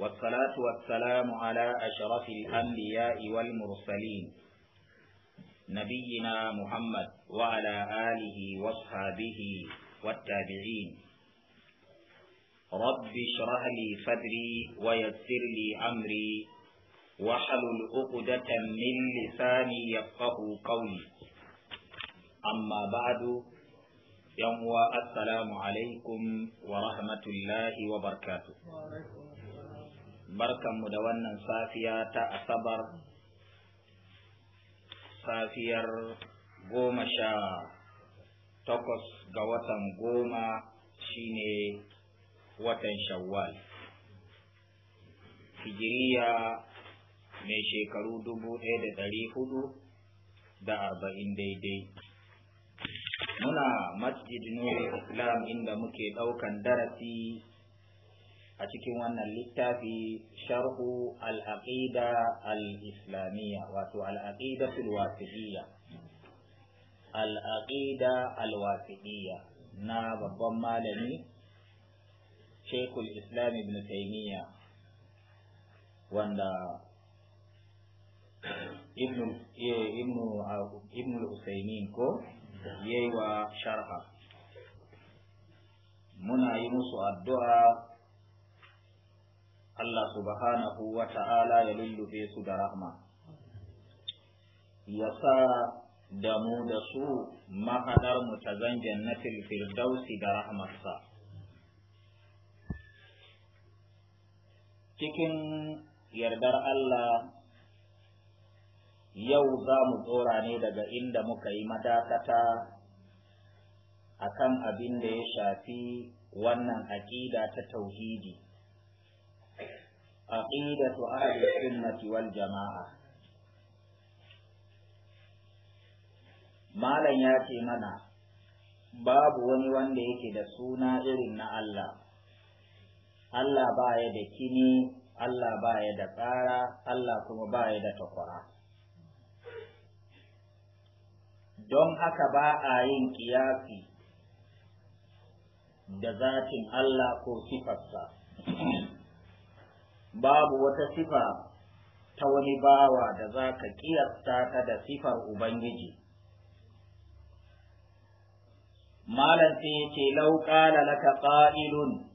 والصلاة والسلام على أشرف الأنبياء والمرسلين نبينا محمد وعلى آله وصحابه والتابعين رب اشرح لي صدري ويسر لي أمري واحلل عقدة من لساني يفقه قولي أما بعد يوم السلام عليكم ورحمة الله وبركاته barkanmu da wannan safiya ta asabar safiyar goma sha takwas ga watan goma shine watan shawwal hijiriya mai shekaru dubu ɗaya da ɗari hudu da arba'in daidai muna masjid nuri islam inda muke ɗaukan darasi a cikin wannan littafi sharhu al-aqida al-islamiyya wato al-aqida al-wasiqiyya al-aqida al-wasiqiyya na babban malami Sheikhul Islam Ibn Taymiyyah wanda Ibn Ibn Ibn Usaymin ko yayi wa sharha muna yi musu addu'a Allah subhanahu wa ta'ala ya lullube su da rahma ya sa da mu da su mahaɗar mu ta zan jannatin firdausi da rahmarsa cikin yardar Allah yau za mu tsora ne daga inda muka yi madakata akan abin da ya shafi wannan aƙida ta tauhidi aqidatu ahli sunnati wal jama'a malam ya ce mana babu wani wanda yake da suna irin na Allah Allah baya da kini Allah baya da tsara Allah kuma baya da takwara don aka ba a yin kiyasi da zatin Allah ko sifarsa babu wata sifa ta wani bawa da za ka ƙiyasta ta da sifar Ubangiji. Malam sai ya ce, na laka ƙa'ilun,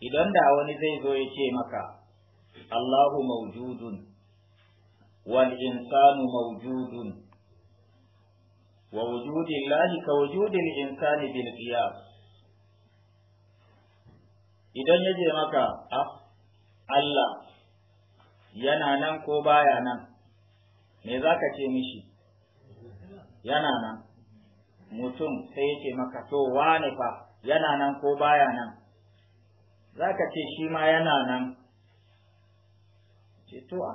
idan da wani zai zo ya ce maka, Allahu maujudun, wal insanu maujudun, wa wujudin lahi ka wujudin insani bil idan ya je maka a ah, Allah yana nan ko baya nan me za ka ce mishi yana nan mutum sai yake maka to wane fa yana nan ko baya nan za ka ce shi ma yana nan ce to a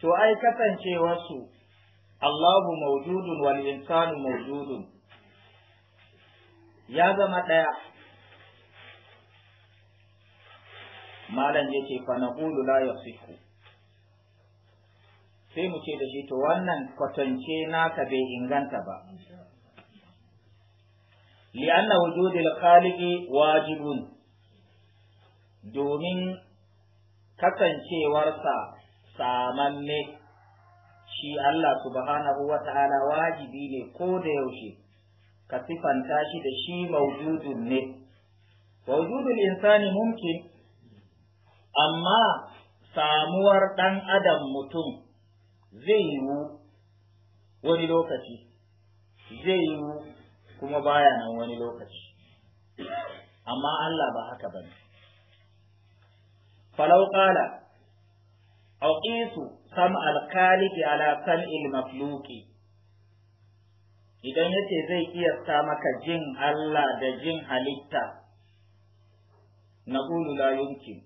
to ai kasancewarsu Allahu mawjudun wal insanu mawjudun ya zama ɗaya malam ya ce fanaqulu la yasihu sai mu ce da shi to wannan kwatance naka bai inganta ba li'anna wujudil khaliqi wajibun domin kasancewarsa samanne shi Allah subhanahu wa ta'ala wajibi ne ko da yaushe ka sifanta shi da shi mawjudun ne. wajudul insani mumkin amma samuwar ɗan adam mutum zai yiwu wani lokaci zai yiwu kuma baya nan wani lokaci amma Allah ba haka ba ne falau ƙala auƙisu sam alkaliki ala kan ilmafluki idan yace zai kiyasta maka jin Allah da jin halitta na la yunkin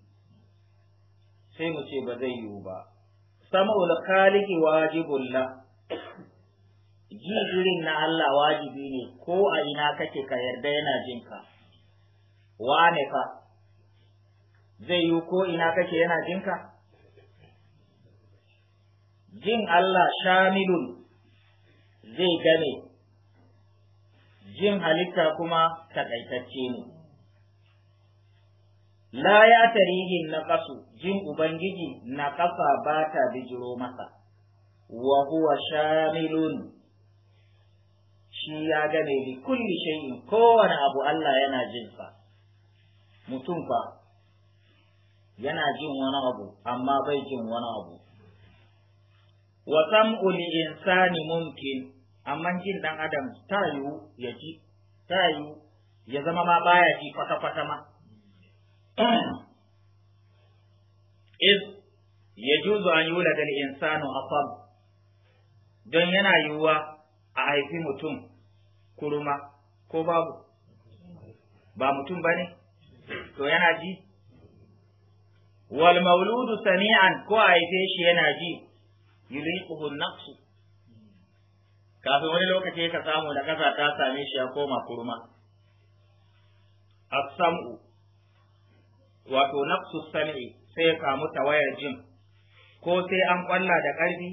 sai mu ce ba zai yiwu ba sama'ul khaliqi wajibun la ji irin na Allah wajibi ne ko a ina kake ka yarda yana jinka. wane fa zai yiwu ko ina kake yana jinka? jin Allah shamilun zai gane. jin halitta kuma takaitacce ne la ya tarihin na kasu jin ubangiji na kasa ba ta bijiro masa wa huwa shamilun shi ya gane bi kulli shay'in kowane abu Allah yana jin sa mutum fa yana jin wani abu amma bai jin wani abu wa sam'u insani mumkin amma jin dan adam ta yiwu ya ya zama ma baya ji kwata kwata ma iz juzo an yi yulada al-insanu asab don yana yiwuwa a haifi mutum kuruma ko babu ba mutum ba ne to yana ji wal mauludu sami'an ko a haife shi yana ji yuliquhu naqsu kafin wani lokaci ka samu da kasa ta same shi ya koma kurma as-sam'u wato nafsu sam'i sai ya kamu ta wayar jin ko sai an kwalla da ƙarfi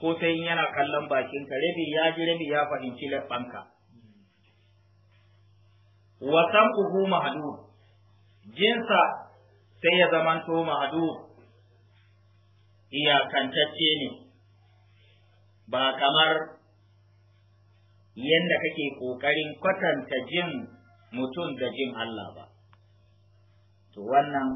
ko sai yana kallon bakinka rabi ya ji rabi ya fahimci leɓɓanka wa sam'uhu mahdud jinsa sai ya zamanto mahdud iyakantacce ne ba kamar yadda kake ƙoƙarin kwatanta jin mutum da jin Allah ba. to wannan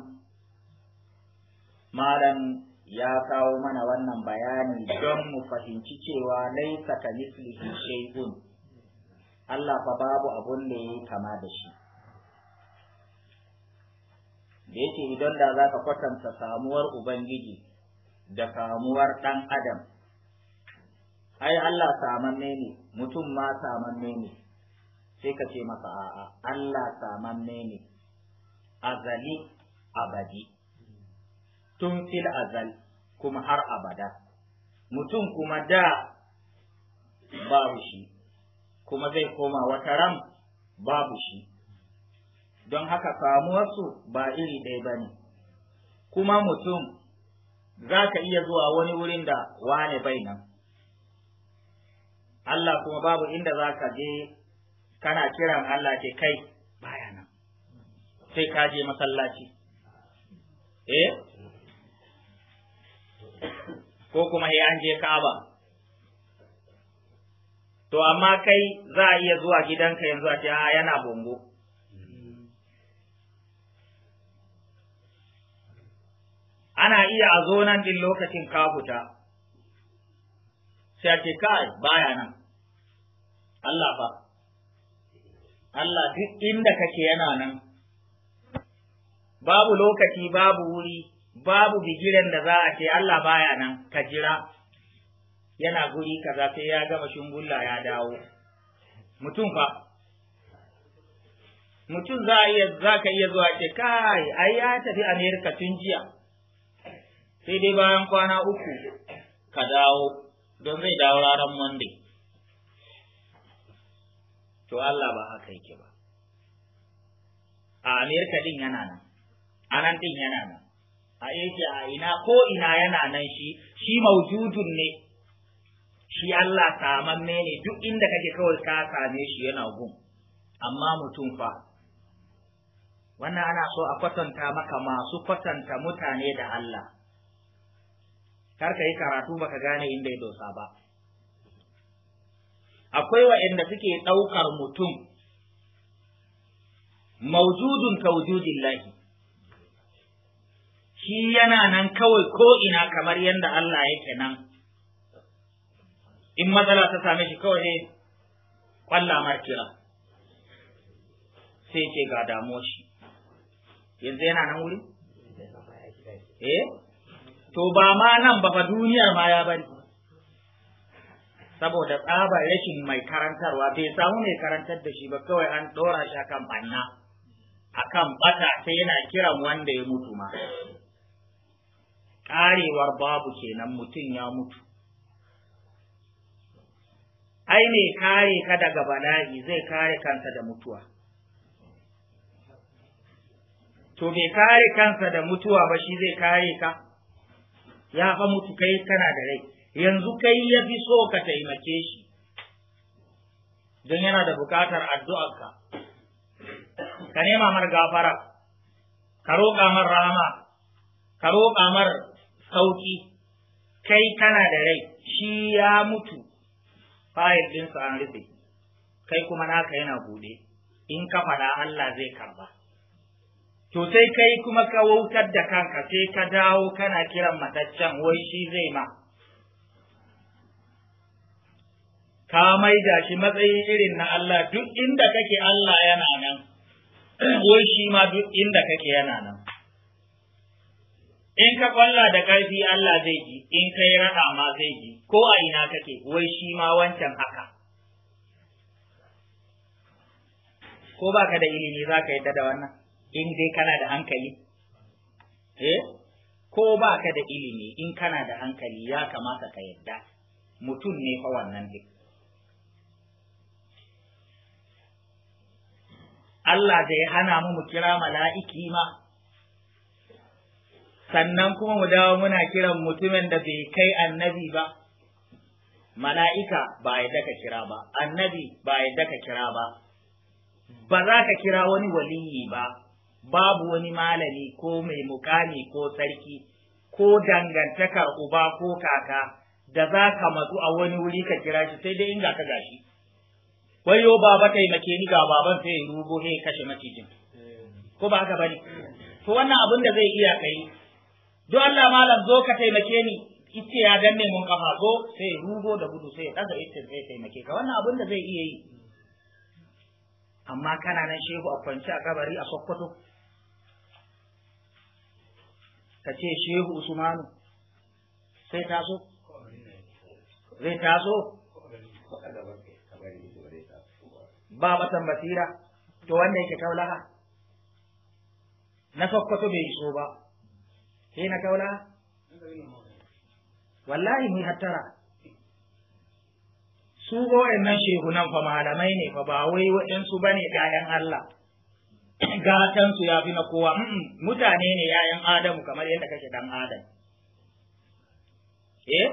malam ya kawo mana wannan bayani don mu fahimci cewa laisa ka mislihi shay'un Allah fa babu abun da yayi kama da shi da yake idan da za ka kwatanta samuwar ubangiji da samuwar ɗan adam ai Allah samanne ne mutum ma samanne ne sai ka ce masa a'a Allah samanne ne azali abadi tun fil azal kuma har abada mutum kuma da babu shi kuma zai koma wata ram babu shi don haka samuwarsu ba iri ɗaya ba ne kuma mutum za ka iya zuwa wani wurin da wane bai nan Allah kuma babu inda za ka je kana kiran Allah ke kai sai ka je masallaci eh ko kuma ya an je Ka'aba to amma kai za a iya zuwa gidanka yanzu a ce a yana bongo ana iya a zo nan din lokacin ka huta sai ce kai baya nan Allah ba Allah duk inda kake yana nan babu lokaci babu wuri babu bigiren da za a ce Allah baya nan ka jira yana guri kaza sai ya gama shungulla ya dawo mutum fa mutum za a iya za ka iya zuwa ce kai ai ya tafi Amerika tun jiya sai dai bayan kwana uku ka dawo don zai dawo ranar Monday to Allah ba haka yake ba a Amerika din yana nan a nan ɗin yana nan a yake a ina ko ina yana nan shi shi maujudun ne shi Allah samamme ne duk inda kake kawai ka same shi yana gun amma mutum fa wannan ana so a kwatanta maka masu kwatanta mutane da Allah kar ka yi karatu baka gane inda ya dosa ba akwai waɗanda suke ɗaukar mutum maujudun ka lahi. shi yana nan kawai ko'ina kamar yadda Allah yake nan, in matsala ta same shi kawai ne ƙwalla markira, sai ce ga damuwa shi, yanzu yana nan wuri? Eh, to ba ma nan ba fa duniya ma ya bari. saboda tsaba rashin mai karantarwa bai samu mai karantar da shi ba kawai an ɗora shi akan banna akan bata sai yana kiran wanda ya mutu ma karewar babu kenan mutum ya mutu ai mai kare ka daga bala'i zai kare kansa da mutuwa to bai kare kansa da mutuwa ba shi zai kare ka ya fa mutu kai kana da rai yanzu kai ya fi so ka taimake shi don yana da bukatar addu'arka ka nema mar gafara ka roƙa mar rama ka roƙa mar sauki kai kana da rai shi ya mutu fayil ɗinsa an rufe kai kuma naka yana buɗe in ka faɗa Allah zai karba to sai kai kuma ka wautar da kanka sai ka dawo kana kiran mataccen wai shi zai ma ka maida shi matsayin irin na Allah duk inda kake Allah yana nan wai shi ma duk inda kake yana nan in ka kwalla da ƙarfi Allah zai ji in ka yi raɗa ma zai ji ko a ina kake wai shi ma wancan haka ko ba ka da ilimi za ka yadda da wannan in dai kana da hankali eh ko ba ka da ilimi in kana da hankali ya kamata ka yadda mutum ne fa wannan duk. Allah zai hana mu mu kira mala'iki ma sannan kuma mu dawo muna kiran mutumin da bai kai annabi ba mala'ika ba yadda ka kira ba annabi ba yadda ka kira ba ba za ka kira wani waliyi ba babu wani malami ko mai mukami ko sarki ko dangantakar uba ko kaka da za ka matsu a wani wuri ka kira shi sai dai in ga ka gashi wayo baba make ni ga baban sai ya rugo sai ya kashe macijin ko ba haka bane to wannan abin da zai iya kai don Allah malam zo ka taimake ni ice ya danne mun kafa zo sai rugo da gudu sai daga ice sai taimake ka wannan abin da zai iya yi amma kana nan shehu a kwance a kabari a sokoto ka ce shehu usmanu sai taso zai taso ba watan basira to wanda yake kaulaha na sokoto bai so ba hina kaula wallahi mun hattara su nan shehunan fa malamai ne fa ba wai waɗansu ba ne ‘ya'yan Allah gatansu ya fi na kowa mutane ne ‘ya'yan Adamu kamar yadda kake dan Adam eh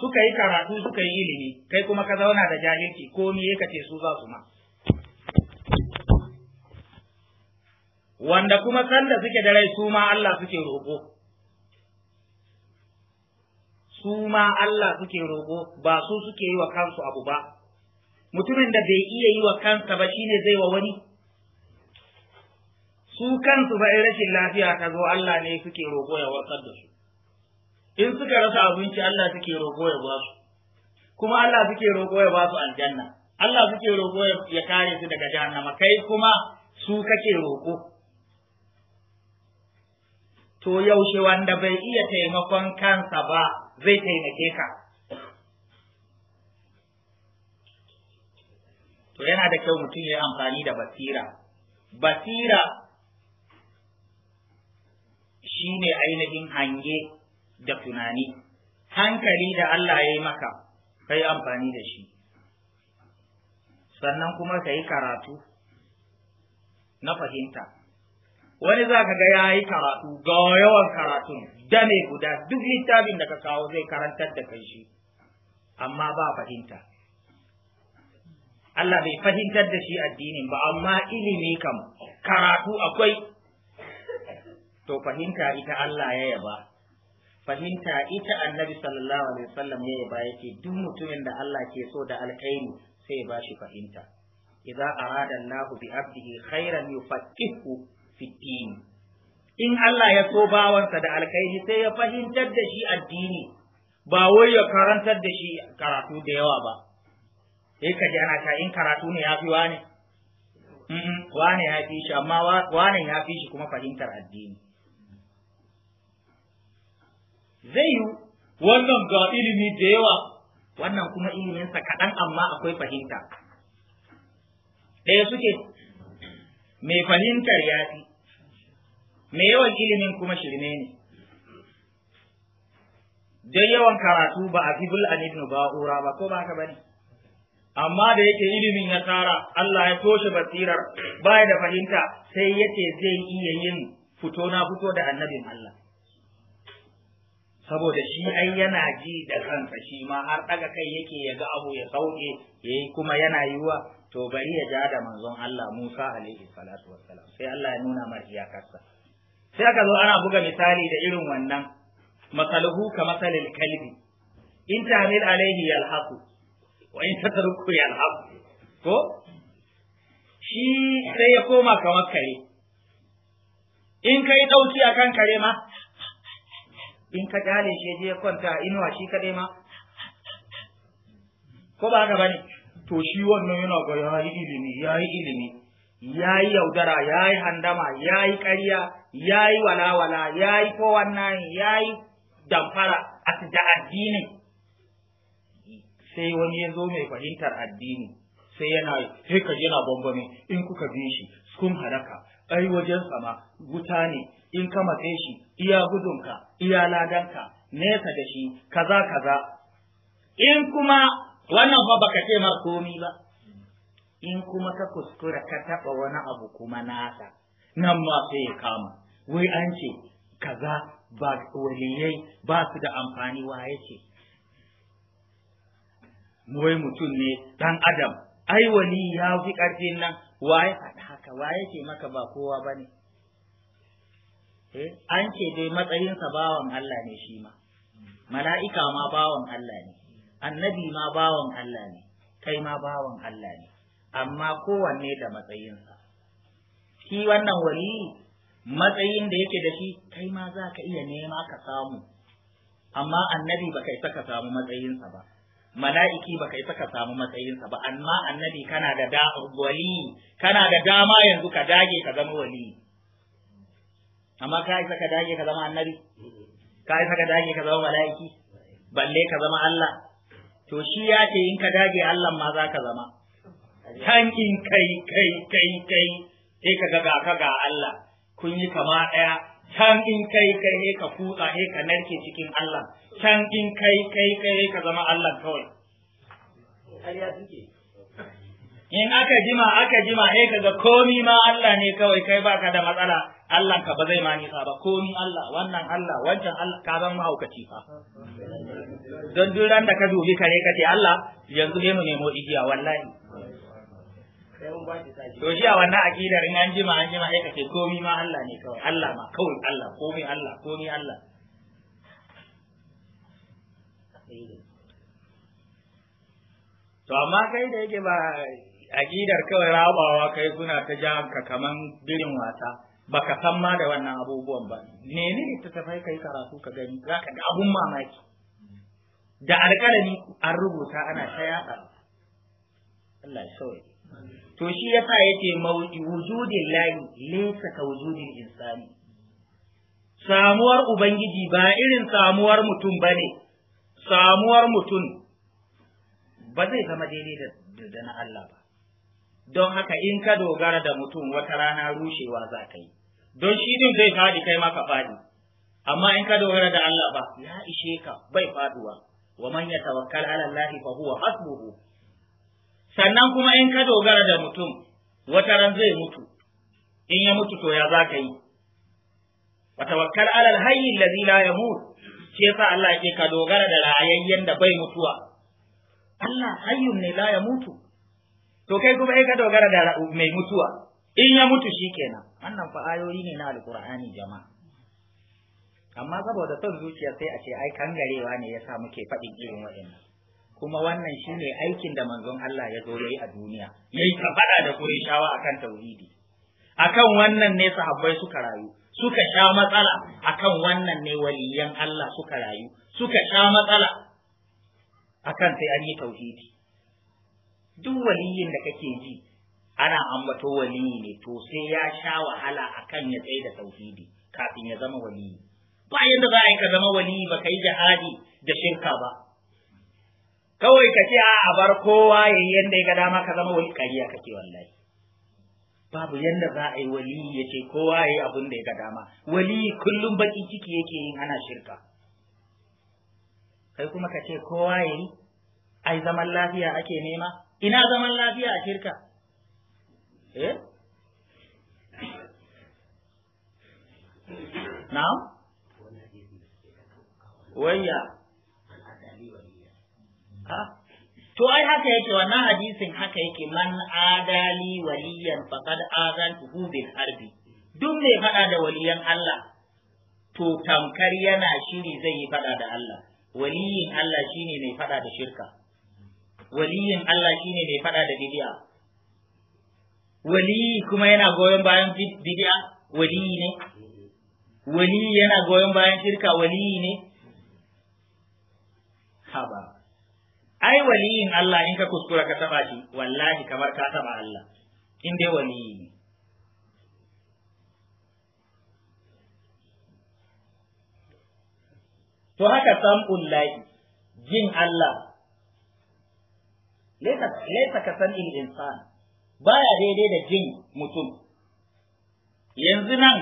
suka yi karatu suka yi ilimi kai kuma ka zauna da jahilci ko me ce su zasu ma wanda kuma sanda suke da rai su ma Allah suke roƙo su ma Allah suke roƙo ba su suke yi wa kansu abu ba mutumin da bai iya yi wa kansa ba shine zai wa wani su kansu ba rashin lafiya ta zo Allah ne suke roƙo ya wasar da su in suka rasa abinci Allah suke roƙo ya ba su kuma Allah suke roƙo ya ba su aljanna Allah suke roƙo ya kare su daga jahannama kai kuma su kake roƙo to yaushe wanda bai iya taimakon kansa ba zai taimake ka to yana da kyau mutum ya yi amfani da basira basira shi ne ainihin hange da tunani hankali da Allah ya yi maka ka yi amfani da shi sannan kuma ka yi karatu na fahimta wani za ka ga ya yi karatu ga yawan karatun dame guda duk littafin da ka kawo zai karantar da kai shi amma ba fahimta Allah bai fahimtar da shi addinin ba amma ilimi kam karatu akwai to fahimta ita Allah ya yaba fahimta ita annabi sallallahu alaihi wasallam ya yaba yake duk mutumin da Allah ke so da alkhairi sai ya bashi fahimta idza arada Allahu bi abdihi khairan yufaqihu in Allah ya so bawansa da alkhairi sai ya fahimtar da shi addini ba wai ya karantar da shi karatu da yawa ba sai ka ji ana ta in karatu ne yafi wani. wane wane ya fi shi amma wane ya fi shi kuma fahimtar addini zai yi wannan ga ilimi da yawa wannan kuma iliminsa kaɗan amma akwai fahimta ɗaya suke mai fahimtar ya fi me yawan ilimin kuma shirme ne dai yawan karatu ba a fi an ibnu ba'ura ba ko ba haka bane amma da yake ilimin ya tsara Allah ya toshe basirar baya da fahimta sai yake zai iya yin fito na fito da annabin Allah saboda shi ai yana ji da kansa shi ma har daga kai yake ya ga abu ya sauke yayi kuma yana yiwa to bari ya ja da manzon Allah Musa alaihi salatu wassalam sai Allah ya nuna mar iyakarsa sai aka zo ana buga misali da irin wannan masaluhu ka masalil kalbi in tamil alaihi yalhaqu wa in tatruku yalhaqu ko shi sai ya koma kamar kare in kai dauki akan kare ma in ka dale shi je kwanta inuwa shi kade ma ko ba haka bane to shi wannan yana ga yayi ilimi yayi ilimi yayi yaudara yayi handama yayi ƙarya ya yi walawala ya yi kowannan ya yi damfara da addini sai wani ya zo mai fahimtar addini sai yana sai ka yana bambami in kuka bin shi kun halaka ai wajen sama wuta ne in ka matse shi iya gudunka iya ladanka nesa da shi kaza kaza in kuma wannan fa baka ce mar komi ba in kuma ka kuskura ka taba wani abu kuma nasa nan ma sai ya kama wai an ce kaza ba waliyai ba su da amfani wa ce wai mutum ne dan adam ai wali ya fi ƙarfin nan waye faɗa haka waye ce maka ba kowa ba ne eh, an ce dai matsayinsa bawan Allah ne shi ma mala'ika ma bawan Allah ne annabi ma bawan Allah ne kai ma bawan Allah ne amma kowanne da matsayinsa shi wannan wali matsayin da yake da shi kai ma za ka iya nema ka samu amma annabi ba kai saka samu matsayinsa ba mala'iki ba kai saka samu matsayinsa ba amma annabi kana da wali kana da dama yanzu ka dage ka zama wali amma ka isa ka dage ka zama annabi ka isa ka dage ka zama mala'iki balle ka zama Allah to shi ya ce in ka dage Allah ma za ka zama Tankin in kai kai kai kai sai ka ga ga Allah kun yi kama ɗaya can in kai kai ne ka kutsa ne ka narke cikin Allah can in kai kai kai ne ka zama Allah kawai in aka jima aka jima ne ka ga komi ma Allah ne kawai kai baka da matsala Allah ka ba zai ma nisa ba komi Allah wannan Allah wancan Allah ka zan mahaukaci fa don duk ran da ka dubi kare ka ce Allah yanzu ne mu nemo igiya wallahi to shi a wannan aqidar in an jima an jima aikace kace komi ma Allah ne kawai Allah ma kawai Allah komi Allah komi Allah to amma kai da yake ba aqidar kawai rabawa kai kuna ta ja ka kaman birin wata baka san ma da wannan abubuwan ba ne ne ta tafai kai karatu ka gani zaka ga abun mamaki da alƙalami an rubuta ana ta yaɗa Allah ya sauya to shi ya yake yace wujudin lahi laysa ka wujudin insani samuwar ubangiji ba irin samuwar mutum bane samuwar mutum ba zai zama daidai da na Allah ba don haka in ka dogara da mutum wata rana rushewa za ka yi don shi din zai faɗi kai maka ka faɗi amma in ka dogara da Allah ba ya ishe ka bai faduwa wa man yatawakkal ala Allah fa huwa hasbuhu sannan kuma in ka dogara da mutum wata ran zai mutu in ya mutu to ya za yi wa tawakkal alal hayyi allazi la yamut shi yasa Allah yake ka dogara da rayayyen da bai mutuwa Allah hayyun ne la mutu. to kai kuma in ka dogara da mai mutuwa in ya mutu shi kenan. wannan fa ayoyi ne na alqur'ani jama'a amma saboda son zuciya sai a ce ai kangarewa ne yasa muke faɗin irin waɗannan kuma wannan shine aikin da manzon Allah ya zo yayi a duniya yayi ta da Qurayshawa akan tauhidi akan wannan ne sahabbai suka rayu suka sha matsala akan wannan ne waliyan Allah suka rayu suka sha matsala akan sai an yi tauhidi duk waliyin da kake ji ana ambato waliyi ne to sai ya sha wahala akan ya tsaye da tauhidi kafin ya zama waliyi Bayan da za a yi ka zama waliyi ba ka yi jihadi da shirka ba kawai ka ce a bar kowa ya yi yadda ya ga dama ka zama wani kariya kake wallahi babu yadda za a yi wali ya ce kowa ya yi abin da ya ga dama wali kullum baki ciki yake yin ana shirka kai kuma ka ce kowa ya yi ai zaman lafiya ake nema ina zaman lafiya a shirka eh na'am wayya to ai haka yake wannan hadisin haka yake man adali waliyan faqad azantuhu bil harbi duk mai fada da waliyan Allah to tamkar yana shiri zai yi fada da Allah waliyin Allah shine mai fada da shirka waliyin Allah shine mai fada da bid'a wali kuma yana goyon bayan bid'a wali ne wali yana goyon bayan shirka wali ne haba ai waliyin Allah in ka kuskura ka taba shi wallahi kamar ka taba Allah in dai wali to haka sam'un ullahi jin Allah laisa ka san il insan baya daidai da jin mutum yanzu nan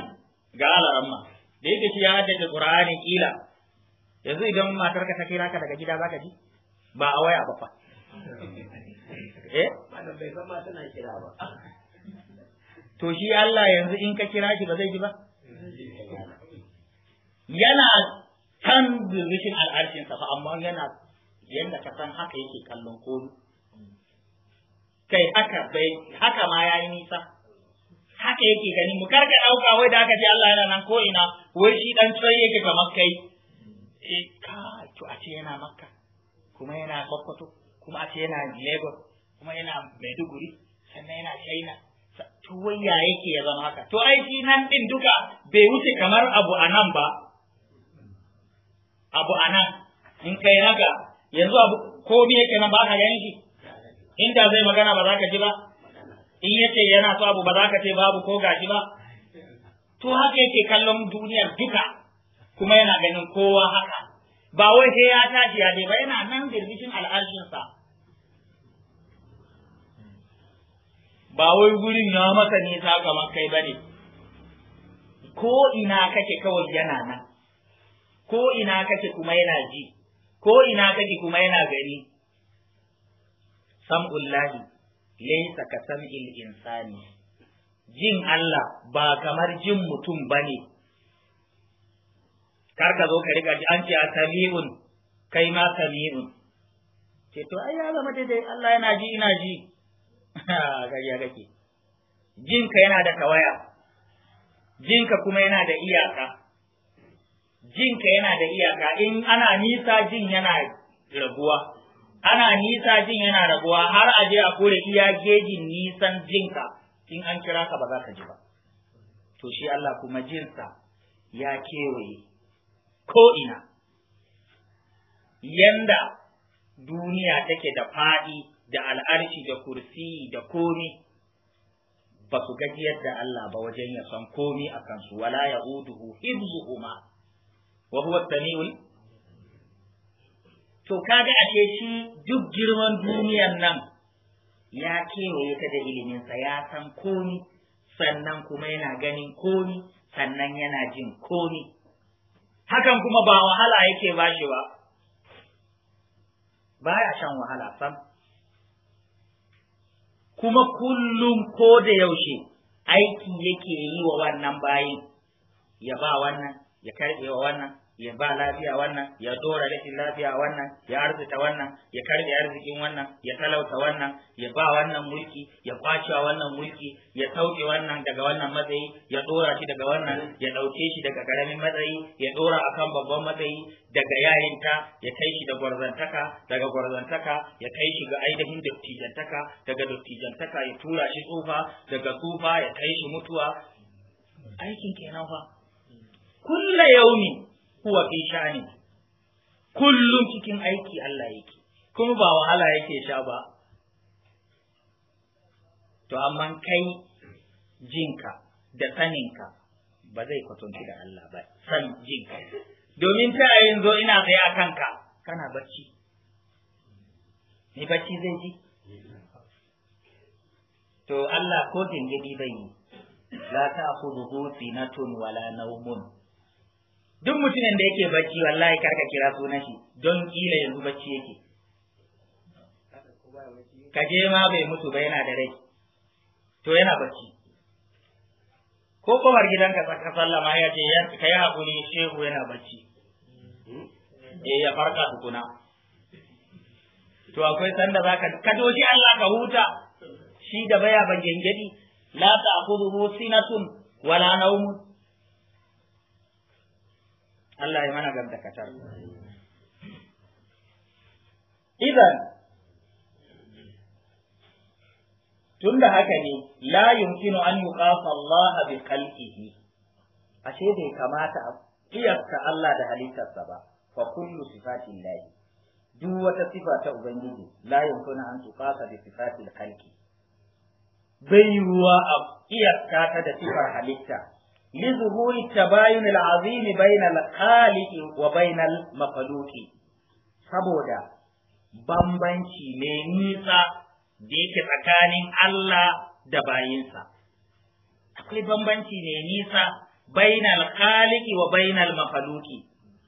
ga al'amma. da yake shi ya haddace qur'ani kila yanzu idan matar ka ta kira ka daga gida zaka ji ba a waya ba fa eh bai tana kira ba to shi Allah yanzu in ka kira shi ba zai ji ba yana kan birbishin al'arshin sa amma yana yanda ka san haka yake kallon kodu kai haka bai haka ma yayi nisa haka yake gani mu karka dauka wai da aka ce Allah yana nan ko ina wai shi dan tsoyi yake kamar kai eh ka to a ce yana makka kuma yana kwakwato kuma a ce yana Lagos kuma yana Maiduguri sannan yana China to ya yake ya zama haka to aiki nan din duka bai wuce kamar abu anan ba abu anan in kai haka yanzu abu ko me yake nan ba ka gani shi inda zai magana ba za ka ji ba in yake yana so abu ba za ka ce babu ko gashi ba to haka yake kallon duniyar duka kuma yana ganin kowa haka ba wai sai ya tashi ya je ba yana nan birbishin al'arshinsa ba wai gurin ya maka nisa kamar kai ba ne ko ina kake kawai yana nan ko ina kake kuma yana ji ko ina kake kuma yana gani sam'ullahi laysa ka sam'il insani jin Allah ba kamar jin mutum bane kar ka zo ka riga shi an ce a sami'un kai ma sami'un ce to ai ya zama daidai Allah yana ji ina ji ah, gariya kake jinka yana da jin jinka kuma yana da iyaka jinka yana da iyaka in ana nisa jin yana raguwa ana nisa jin yana raguwa har a je a kore iya gejin nisan jinka in an kira ka ba za ka ji ba to shi Allah kuma jinsa ya kewaye ko'ina, yanda duniya take da faɗi da al'arshi da kursi da komi, ba su gajiyar da Allah ba wajen ya san komi a kansu, wala ya uduhu hibzuhuma, wa huwa To, kaga ashe shi duk girman duniyan nan ya kewaye ta da iliminsa ya san komi, sannan kuma yana ganin komi, sannan yana jin komi. hakan kuma ba wahala yake ba shi ba ba ya shan wahala sam kuma kullum ko da yaushe aiki yake yi wa wannan bayin ya ba wannan ya karɓe wa wannan ya ba lafiya wannan ya dora rashin lafiya wannan ya arzuta wannan ya karbe arzikin wannan ya talauta wannan ya ba wannan mulki ya kwace wannan mulki ya sauke wannan daga wannan matsayi ya dora shi daga wannan ya dauke shi daga karamin matsayi ya dora akan babban matsayi daga yayinta ya kai shi da gwarzantaka daga gwarzantaka ya kai shi ga ainihin dattijantaka daga dattijantaka ya tura shi tsufa daga tsufa ya kai shi mutuwa aikin kenan fa kullu yaumi huwa fi ne, kullum cikin aiki Allah yake kuma ba wahala yake sha ba to amma kai jinka da saninka ba zai kwatanci da Allah ba san jinka domin ta yin zo ina tsaye a kanka kana bacci ni bacci zai ji to Allah ko jingibi bai yi la fi natun wala nawmun duk mutumin da yake bacci wallahi karka kira sunan shi don kila yanzu bacci yake je ma bai mutu ba yana da rai to yana bacci ko kofar gidanka ka sallama ya ce ka yi haƙuri shehu yana bacci eh ya farka tukuna to akwai sanda baka ka doji Allah ka huta shi da baya ban gengedi la ta'khudhuhu sinatun wala nawmun Allah ya mana dakatar. idan tunda haka ne la yumkinu an yi Allah bi khalqihi ashe bai kamata a kiyasta Allah da halittarsa ba fa kullu sifatin lahi duk wata sifa ta ubangiji la yumkinu an tuqasa bi sifatil khalqi bai ruwa a kiyasta ta da sifar halitta لظهور التباين العظيم بين الخالق وبين المخلوق saboda bambanci mai nisa da yake tsakanin Allah da bayinsa akwai bambanci mai nisa bainal khaliqi wa bainal makhluqi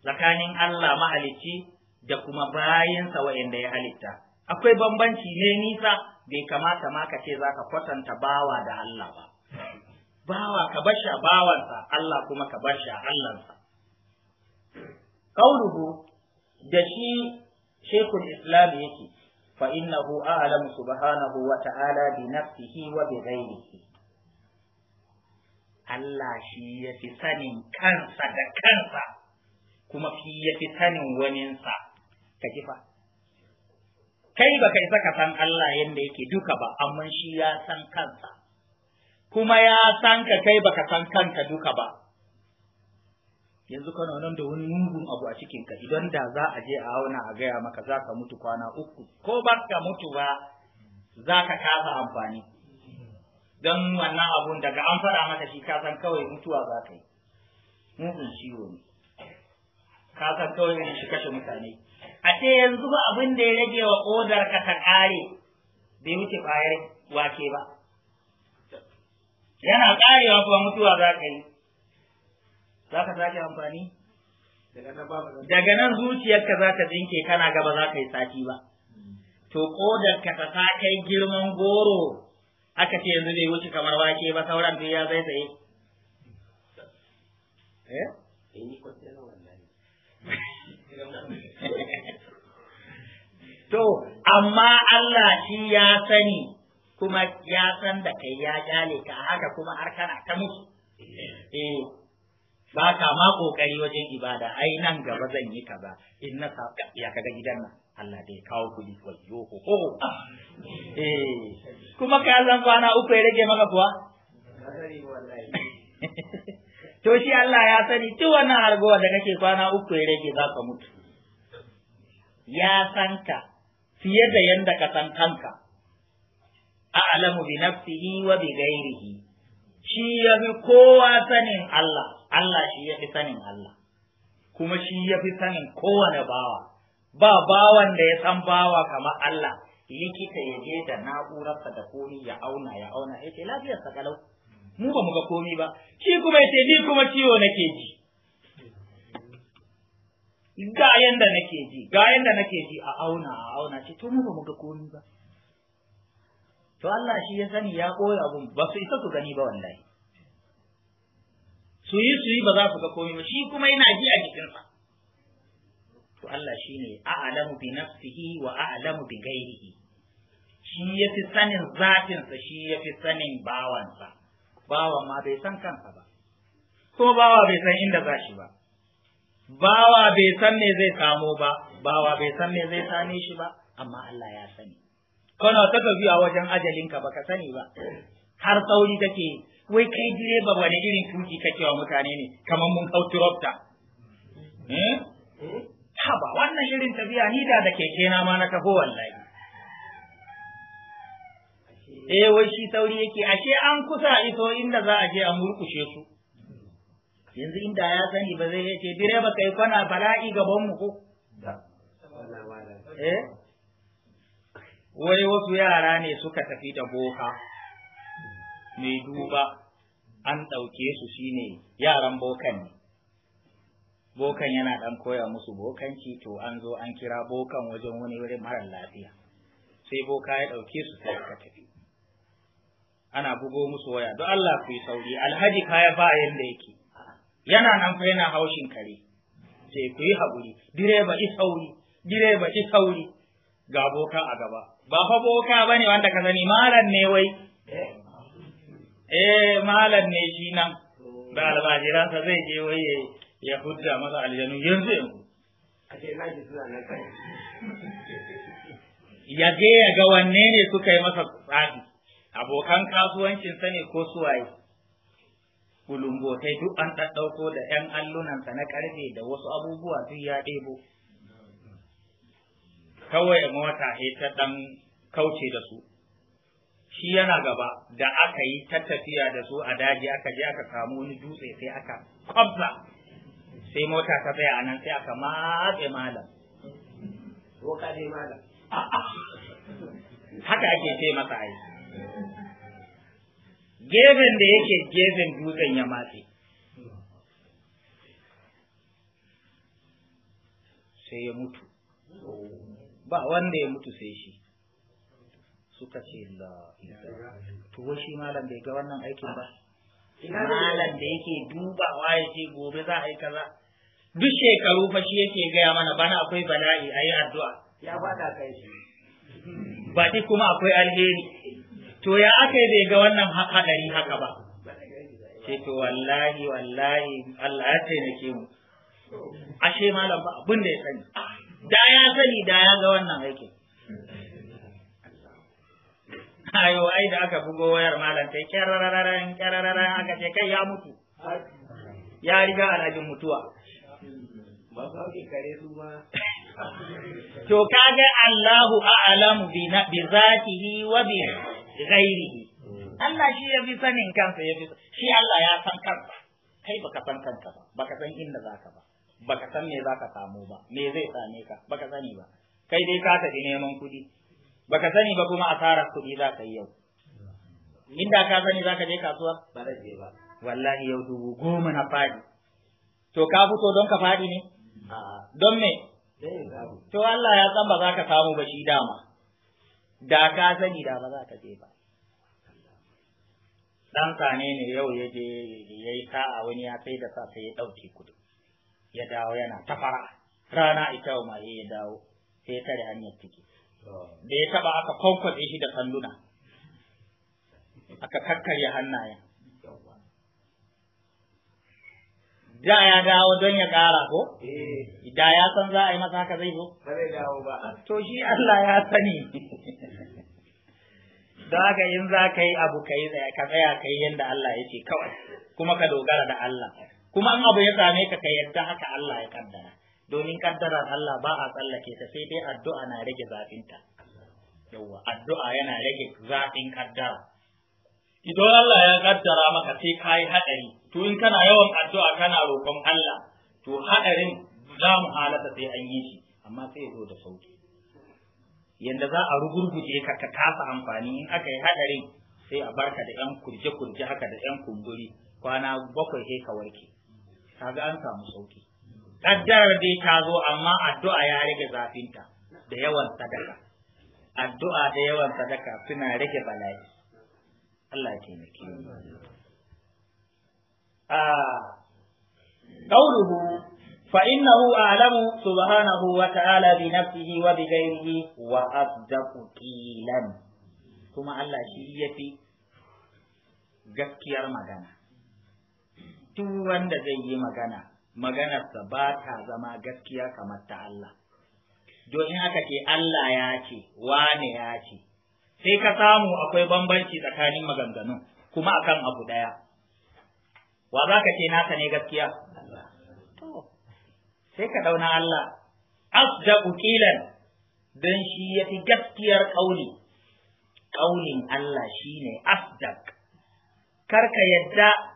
tsakanin Allah mahalicci da kuma bayinsa wa'anda ya halitta akwai bambanci mai nisa bai kamata ma ka ce zaka kwatanta bawa da Allah ba bawa ka basha bawansa Allah kuma ka basha Allahnsa qauluhu da shi shaykhul islam yake fa innahu a'lamu subhanahu wa ta'ala bi nafsihi wa bi ghayrihi Allah shi ya fi sanin kansa da kansa kuma shi ya fi sanin waninsa ka kifa kai baka isa ka san Allah yadda yake duka ba amma shi ya san kansa kuma ya san ka kai baka san kanka duka ba yanzu kana nan da wani mugun abu a cikin ka idan da za a je a auna a gaya maka za ka mutu kwana uku ko ba ka mutu ba za ka kasa amfani don wannan abun daga an fara maka shi ka san kawai mutuwa za ka yi mugun ciwo ne ka san kawai ne shi kashe mutane a ce yanzu ba abin da ya rage wa odar ka ta kare bai wuce ƙwayar wake ba yana karewa kuma mutuwa za ka yi za ka sake amfani daga nan zuciyarka za ka jinke kana gaba za ka yi sati ba to kodarka ta ta kai girman goro aka ce yanzu bai wuce kamar wake ba sauran duk ya zai tsaye eh? Eh, to amma Allah shi ya sani kuma ya san da kai ya kyale ka haka kuma har kana ta musu eh ba ka ma kokari wajen ibada ai nan gaba zan yi kaza in na ya kaga gidan nan Allah dai kawo kuɗi wayo ho ho eh kuma ka san kwana uku ya rage maka kuwa to shi Allah ya sani duk wannan argowa da kake kwana uku ya rage za ka mutu ya san ka fiye da yanda ka san kanka a'lamu bi nafsihi wa bi ghairihi shi yafi kowa sanin Allah Allah shi ya fi sanin Allah kuma shi ya fi sanin kowane bawa ba bawan da ya san bawa kamar Allah likita ya je da na'urarsa da komi ya auna ya auna ya ce lafiyarsa kalau mu ba mu ga komi ba shi kuma ya ce ni kuma ciwo nake ji ga yanda nake ji ga yanda nake ji a auna a auna ce to mu ba mu ga komi ba to Allah shi ya sani ya koya abun ba su isa su gani ba wallahi su yi su yi ba za su ga komai ba shi kuma yana ji a jikinsa to Allah shi ne a'lamu bi nafsihi wa a'lamu bi ghairihi shi ya fi sanin zatinsa shi ya fi sanin bawansa bawan ma bai san kansa ba ko bawa bai san inda za shi ba bawa bai san me zai samo ba bawa bai san me zai same shi ba amma Allah ya sani kana ta a wajen ajalinka baka sani ba har sauri take wai kai direba wani irin tuki kake wa mutane ne kamar mun kau turofta eh? ha ba wannan irin tafiya ni da da keke na ma na kafo wallahi eh wai shi sauri yake ashe an kusa iso inda za a je a murkushe su yanzu inda ya sani ba zai yace direba kai kwana bala'i gaban mu ko eh wai wasu yara ne suka tafi da boka mai duba an ɗauke su shine yaran bokan ne bokan yana ɗan koya musu bokanci to an zo an kira bokan wajen wani wurin marar lafiya sai boka ya ɗauke su sai suka tafi ana bugo musu waya don Allah ku yi sauri alhaji kaya ba yanda yake yana nan fa yana haushin kare sai ku yi haƙuri direba i sauri direba i sauri ga boka a gaba ba fa boka bane wanda ka sani malam ne wai eh malam ne shi nan da sa zai je wai ya hujja masa aljanu yanzu yanzu ya je ya ga wanne ne suka yi masa tsari abokan kasuwancin sa ne ko suwaye kulumbotai duk an ɗaɗɗauko da ‘yan allunansa na ƙarfe da wasu abubuwa duk ya ɗebo kawai mota he ta dan kauce da su shi yana gaba da aka yi ta tafiya da su a daji aka je aka samu wani dutse sai aka kwabza sai mota ta tsaya anan sai aka matse malam boka dai malam haka ake ce masa ai gefen da yake gefen dutsen ya matse sai ya mutu oh. ba wanda ya mutu sai shi suka ce la to wai shi malam bai ga wannan aikin ba malam da yake dubawa ya ce gobe za a yi kaza duk shekaru fa shi yake gaya mana bana akwai bala'i a yi addu'a ya bada kai shi Ba shi kuma akwai alheri to ya aka yi bai ga wannan haɗari haka ba ce to wallahi wallahi Allah ya taimake mu ashe malam ba abin da ya sani da ya sani da ya ga wannan aikin ayo ai da aka bugo wayar malam kai kyararararan kyararararan aka ce kai ya mutu ya riga alhajin mutuwa ba ka kare su ba to kaga Allahu a'lamu bi bi zatihi wa bi ghairihi Allah shi ya fi sanin kansa ya bi shi Allah ya san kansa kai baka san kanka ba baka san inda zaka ba baka san me zaka samu ba me zai same ka baka sani ba kai dai ka tafi neman kuɗi baka sani ba kuma asarar kuɗi za ka yi yau inda ka sani za ka je kasuwa ba da je ba wallahi yau dubu goma na fadi to ka fito don ka fadi ne don me eh, to Allah ya san ba za ka samu ba shi dama da ka sani da ba za ka je ba dan sane ne yau ya je ya yi sa'a wani ya sai da sa sai ya ɗauke kuɗi ya dawo yana ta fara rana ita wa maye ya dawo sai ya tare hanyar ciki da ya taba aka kwankwace shi da sanduna aka kakkarya hannayen da ya dawo don ya ƙara ko? Eh. Da ya san za a yi masa haka zai zo? Ba dawo ba. To shi Allah ya sani. da haka in za ka yi abu ka yi ka tsaya ka yi yadda Allah ya ce kawai kuma ka dogara da Allah. kuma an abu ya same ka ka yarda haka Allah ya kaddara domin kaddarar Allah ba a tsallake ta sai dai addu'a na rage zafinta yawa addu'a yana rage zafin kaddara idan Allah ya kaddara maka sai kai hadari to in kana yawan addu'a kana roƙon Allah to hadarin za mu halata sai an yi shi amma sai zo da sauki yanda za a rugurguje ka ka tasa amfani in aka yi hadarin sai a barka da yan kurje kurje haka da yan kumburi kwana bakwai sai ka warke kaga an samu sauki kaddar dai ta zo amma addu'a ya rage zafinta da yawan sadaka addu'a da yawan sadaka suna rage bala'i Allah ya taimake mu a ah, qawluhu fa innahu a'lamu subhanahu wa ta'ala bi nafsihi wa bi ghayrihi wa asdaqu qilan kuma Allah shi yafi gaskiyar magana duk wanda zai yi magana maganarsa ba ta zama gaskiya kamar ta Allah domin aka ce Allah ya ce wane ya ce sai ka samu akwai bambanci tsakanin maganganu kuma akan abu ɗaya, wa za ka ce naka ne gaskiya to sai ka dauna Allah da qilan don shi ya fi gaskiyar kauli ƙaunin Allah shine asdaq karka yadda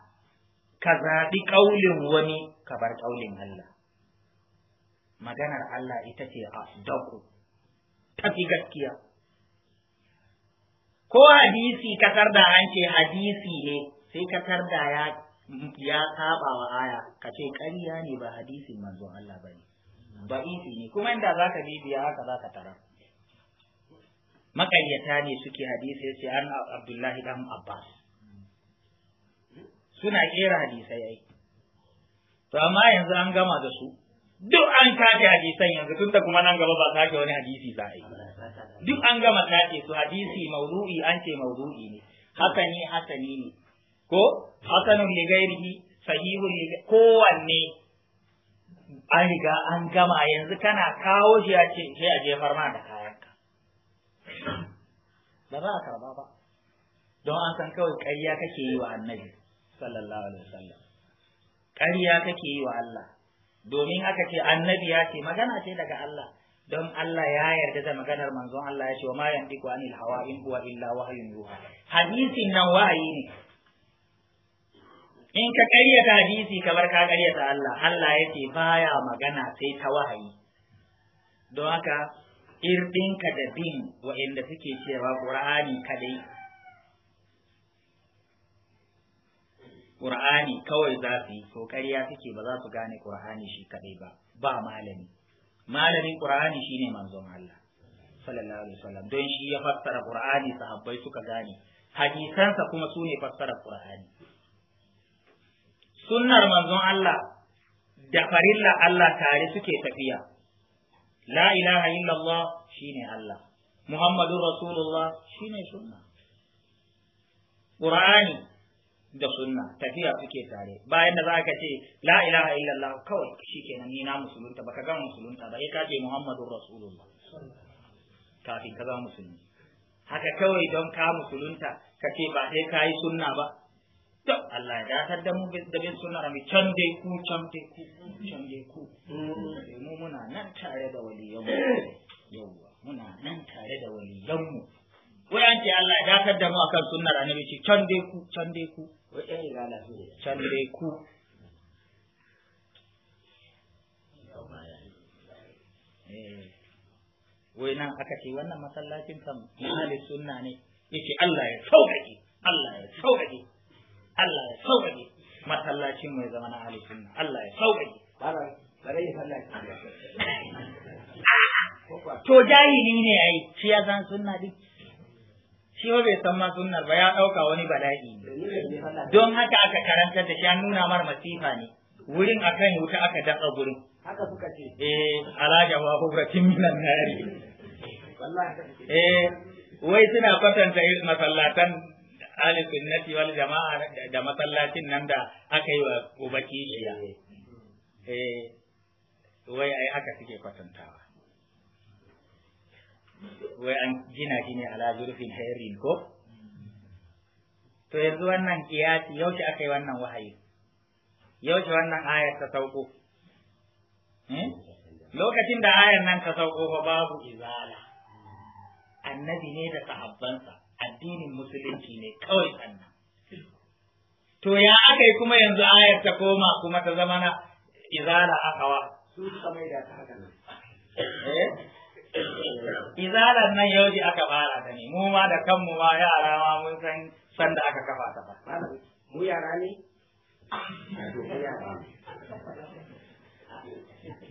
ka zaɓi ƙaulin wani ka bar ƙaulin Allah maganar Allah ita ce a Ta tafi gaskiya ko hadisi ka da an ce hadisi ne sai ka da ya ya saba wa aya ka ce ƙarya ne ba hadisin manzon Allah bane isi ne kuma inda ka bibiya haka ka tarar makaryata ne suke hadisi ce an Abdullahi dan Abbas suna kera hadisai ai to amma yanzu an gama da su duk an tace hadisan yanzu tunda da kuma nan gaba ba sake wani hadisi za a yi duk an gama ke su hadisi maudu'i an ce maudu'i ne hasani hasani ne ko hasanun li gairihi sahihun li kowanne an riga an gama yanzu kana kawo shi a ce sai a je ma da kayanka ba za a karba ba don an san kawai ƙarya kake yi wa annabi sallallahu alaihi wasallam ƙarya kake yi wa Allah domin aka ce annabi ya ce magana ce daga Allah don Allah ya yarda da maganar manzon Allah ya ce wa ma yantiqu anil hawa in huwa illa wahyun yuha hadisin nan wahayi ne in ka ƙaryata hadisi kamar ka ƙaryata Allah Allah ya ce baya magana sai ta wahayi don haka irdinka da bin wa'inda suke cewa Qur'ani kadai ƙur'ani kawai za su yi to ƙarya suke ba za su gane ƙur'ani shi kaɗai ba ba malami malamin ƙur'ani shi ne manzon Allah sallallahu alaihi wasallam don shi ya fassara ƙur'ani sahabbai suka gane hadisansa kuma su ne fassara ƙur'ani sunnar manzon Allah da farilla Allah tare suke tafiya la ilaha illallah ne Allah muhammadun rasulullah ne sunna ƙur'ani da sunna tafiya suke tare bayan da zaka ce la ilaha illallah kawai shikenan ni na musulunta baka ga musulunta ba ka ce muhammadur rasulullah kafin ka zama musulmi haka kawai don ka musulunta ka ce ba sai ka yi sunna ba to Allah ya datar da mu da bin sunna mu can dai ku can dai ku can dai ku mu muna nan tare da waliyanmu yawa muna nan tare da waliyanmu wai an ce Allah ya dakar da mu akan sunnar annabi ce can dai ku can dai ku can dai ku eh, wai nan aka ce wannan masallacin kan ahli sunna ne yace Allah ya sauƙaƙe Allah ya sauƙaƙe Allah ya sauƙaƙe masallacin mai zama na ahli sunna Allah ya sauƙaƙe to jahili ne ai shi ya san sunna duk shi ma bai san ma sunnar ba ya ɗauka wani bala'i don haka aka karanta da shi an nuna mar masifa ne wurin akan wuta aka daɗa gurin haka suka ce eh alaja wa hukratin minan nari eh wai suna kwatanta masallatan ahli sunnati wal jama'a da masallacin nan da aka yi wa ubaki eh. eh wai ai haka suke kwatantawa wai an gina shi ne ala zurfin hairin ko to yanzu wannan kiyasi yaushe aka yi wannan wahayi yaushe wannan ayar ta sauko eh? lokacin da ayar nan ta sauko ba babu izala annabi ne da sahabbansa addinin musulunci ne kawai sannan to ya aka yi kuma yanzu ayar ta koma kuma ta zama na izala akawa su suka mai da ta haka nan eh? izalar nan yau ji aka fara ta ne mu ma da kanmu ma yara ma mun san san da aka kafa ta ba mu yara ne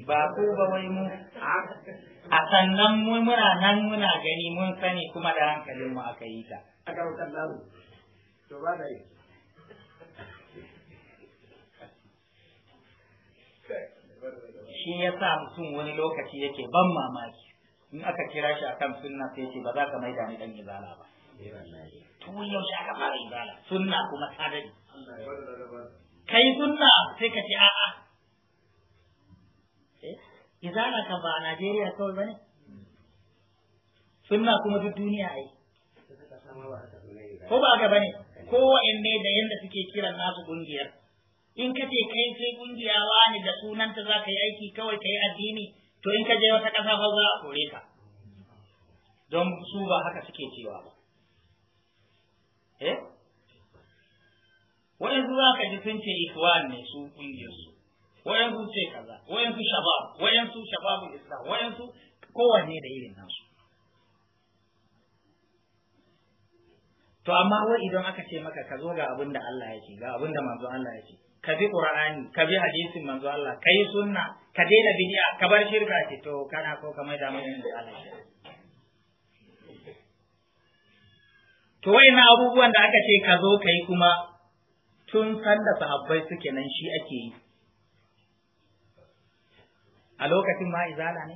ba ku ba wai mu a sannan mu muna nan muna gani mun sani kuma da hankalin mu aka yi ta aka wutar lalu to ba da shi ya sa mutum wani lokaci yake ban mamaki in aka kira shi akan sunna sai ce ba za ka maida ni dan izala ba eh, tun yaushe aka fara izala sunna kuma ta dade kai sunna sai ka ce a'a eh, izala kan ba a Najeriya kawai bane sunna kuma duk duniya ai ko ba ga bane ko wa'anne da yanda suke kiran nasu kungiyar in ka ce kai sai kungiya wani da sunanta za ka yi aiki kawai ka yi addini to in ka je wata ƙasa fa za a kore ka don su ba haka suke cewa ba eh wa'yansu za ka ji sun ce ikwan ne su su, ƙungiyarsu sun ce kaza su shabab su shababul islam wa'yansu kowanne da irin nasu to amma wai idan aka ce maka ka zo ga abin da Allah ya ce ga abin da Allah ya ce ka bi qur'ani ka bi hadisin manzo Allah kai sunna ka daina biniya ka bar shirka ce to kana ko ka mai da mai to na abubuwan da aka ce ka zo kai kuma tun san da sahabbai suke nan shi ake yi a lokacin ma izala ne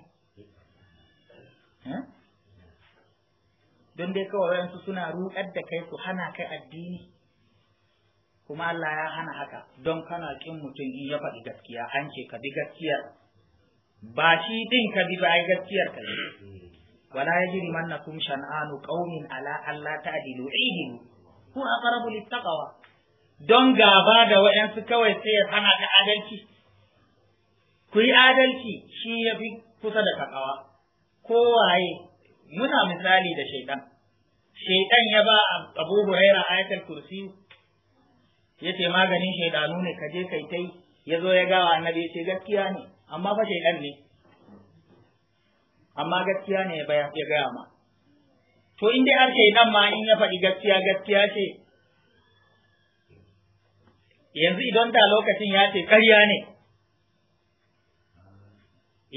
don dai kawai wayansu suna ruɗar da kai su hana kai addini kuma Allah ya hana haka don kana kin mutum in ya faɗi gaskiya an ce ka bi gaskiyar ba shi din ka bi ba ai gaskiyar ka hmm. wala yajri mannakum shan'anu qaumin ala alla ta'dilu idilu ku aqrabu littaqwa don gaba da wayansu kawai sai ya hana ka adalci ku yi adalci shi ya fi kusa da takawa kowaye muna misali da shaitan shaitan ya ba abu huraira ayatul kursiyu ya ce maganin shaidanu ne ka je kai tai ya zo ya gawa annabi ya ce gaskiya ne amma fa shaidan ne amma gaskiya ne ya gaya ma to in dai har shaidan ma in ya faɗi gaskiya gaskiya ce yanzu idan ta lokacin ya ce ƙarya ne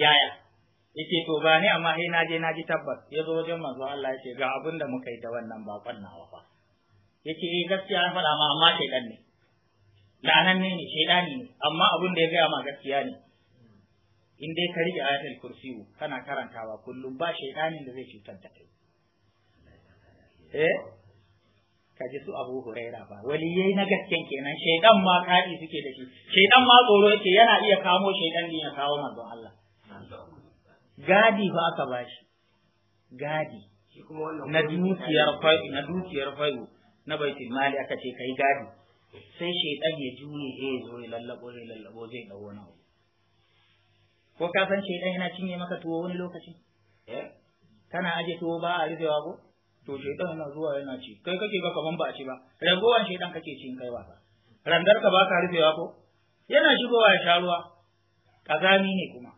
yaya yake to ba ne amma sai naje naji tabbas ya zo wajen manzo Allah ya ce, ga abin da muka yi da wannan bakon nawa fa yake eh gaskiya an faɗa ma amma shaidan ne la'ananne ne shaidani ne amma abin da ya gaya ma gaskiya ne in dai ka rike ayatul kursi kana karantawa kullum ba shaidanin da zai cutar da kai eh ka ji su Abu Huraira ba yayi na gasken kenan shaidan ma kadi suke da shi shaidan ma tsoro yake yana iya kamo shaidan ne ya kawo manzon Allah gadi ba aka bashi gadi na dukiyar fayu na dukiyar fayu na baitul mali aka ce kai gadi sai shaidan ya juye eh zo ya lallabo ya lallabo zai dawo na ko ka san shaidan yana cinye maka tuwo wani lokaci eh? kana aje tuwo ba a rufewa ko to shaidan yana zuwa yana ci kai kake ga kaman ba a ci ba ragowan shaidan kake cin in kai wasa rangar ka ba ka rufewa ko yana shigowa ya sha ruwa kazami ne kuma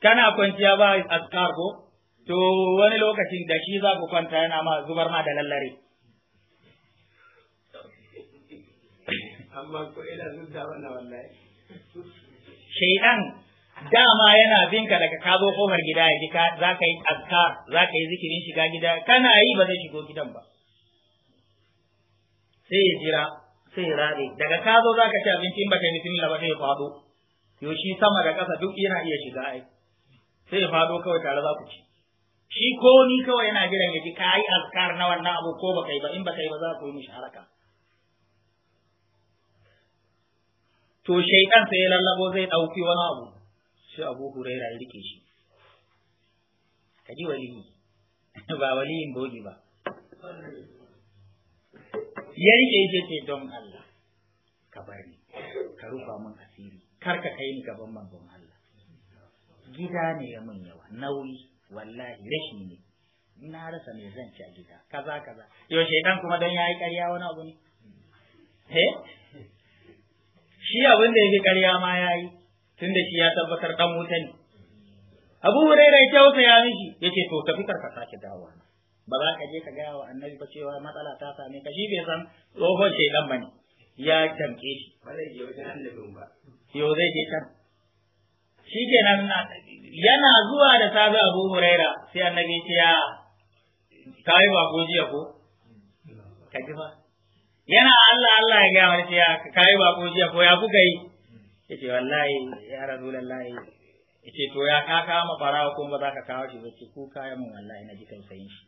kana kwanciya ba azkar ko to wani lokacin da shi za ku kwanta yana ma zubar ma da lallare amma ko ina zunta wannan wallahi Shaidan dama yana bin ka daga ka zo gida ya ji za ka yi azkar za ka yi zikirin shiga gida kana yi ba zai shigo gidan ba sai ya jira sai ya rabe daga ka zo za ka ci abinci in ba ka yi bismillah laba sai ya faɗo Yau shi sama da ƙasa duk yana iya shiga ai sai ya faɗo kawai tare za ku ci shi ko ni kawai yana jiran ya ji ka yi azkar na wannan abu ko baka yi ba in baka yi ba za ku yi mishi haraka to shaitan sai ya lallabo zai ɗauki wani abu shi abu huraira ya rike shi ka ji waliyi ba in bogi ba ya rike shi ce don Allah ka bar ni ka rufa min asiri kar ka kai ni gaban manzon Allah gida ne ya mun yawa nauyi wallahi rashi ne na rasa me zan ci a gida kaza kaza yo shaidan kuma don yayi ƙarya wani abu ne he shi abin da yake ƙarya ma yayi tunda shi ya tabbatar dan wuta ne Abu Hurairah ya tausaya mishi yace to tafi karka sake dawowa ba za ka je ka gaya wa annabi ba cewa matsala ta same ka shi bai san tsohon shaidan ba ne ya tamke shi. Ba zai je wajen annabin ba. Yau zai je can. Shi kenan na yana zuwa da sabi abu huraira sai annabi ce ya kai ba ko jiya ko ka ji ba yana Allah Allah ya gaya wani ya kai ba ko jiya ko ya buga yi yace wallahi ya rasulullahi yace to ya ka kama farawa ko ba za ka kawo shi ce ku kayan mu wallahi na ji tausayin shi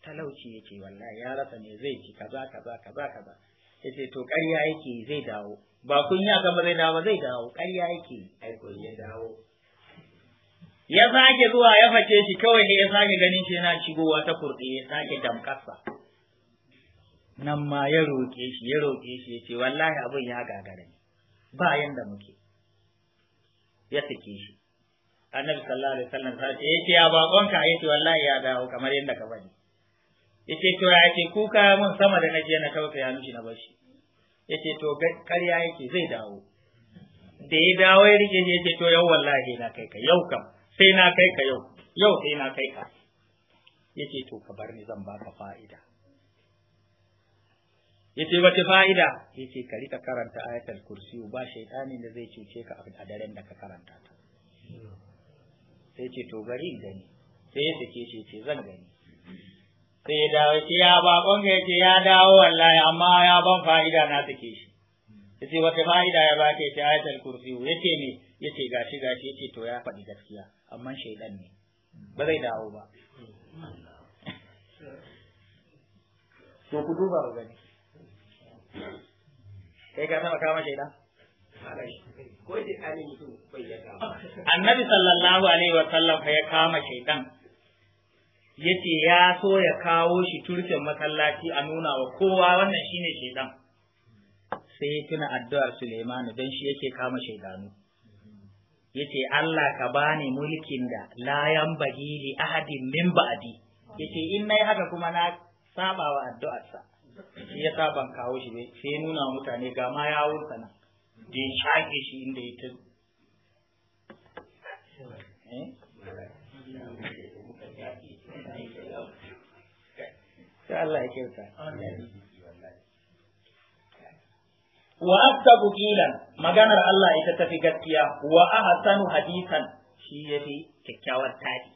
talauci yace wallahi ya rasa ne zai ci kaza kaza kaza kaza yace to ƙarya yake zai dawo ba kun ya ba zai dawo ba zai dawo ƙarya yake ai ko ya dawo ya sake zuwa ya fake shi kawai ne ya sake ganin shi yana shigowa ta kurɗe ya sake damkarsa nan ma ya roƙe shi ya roƙe shi ya ce wallahi abin ya gagara ne ba yanda muke ya sake shi annabi sallallahu alaihi wasallam sai ya ce ya bakonka yace, wallahi ya dawo kamar yanda ka bani ya ce to ya ce kuka mun sama da na je na tausaya mishi na bashi ya ce to ƙarya yake zai dawo da ya dawo ya rike ya ce to yau wallahi na kai ka yau kam sai na kai ka yau yau sai na kai ka yace to ka bar ni zan baka fa'ida yace wace fa'ida yace ka rika karanta ayatul kursi ba shaytanin da zai cuce ka a daren da ka karanta ta sai ce to bari gani sai ya sake shi ce zan gani sai ya dawo ce ya bakon ga yace ya dawo wallahi amma ya ban fa'ida na sake shi yace wace fa'ida ya baka yace ayatul kursi yace ne yace gashi gashi yace to ya faɗi gaskiya amma shaidan ne ba zai dawo ba to ku duba ba gani kai ka sama kama shaidan annabi sallallahu alaihi wa sallam ya kama shaidan yace ya so ya kawo shi turken masallaci a nuna wa kowa wannan shine shaidan sai ya tuna addu'ar Suleimanu don shi yake kama shaidanu yace Allah ka bani mulkin da layan bagili ahadin min ba'di yace in nayi haka kuma na saba wa addu'arsa shi ya saba kawo shi sai nuna mutane ga ma ya wurta nan da ya shage shi inda ya ta eh? Allah ya kyauta. wa asdabu qilan maganar Allah ita tafi gaskiya wa ahsanu hadisan shi yafi kyakkyawar tadi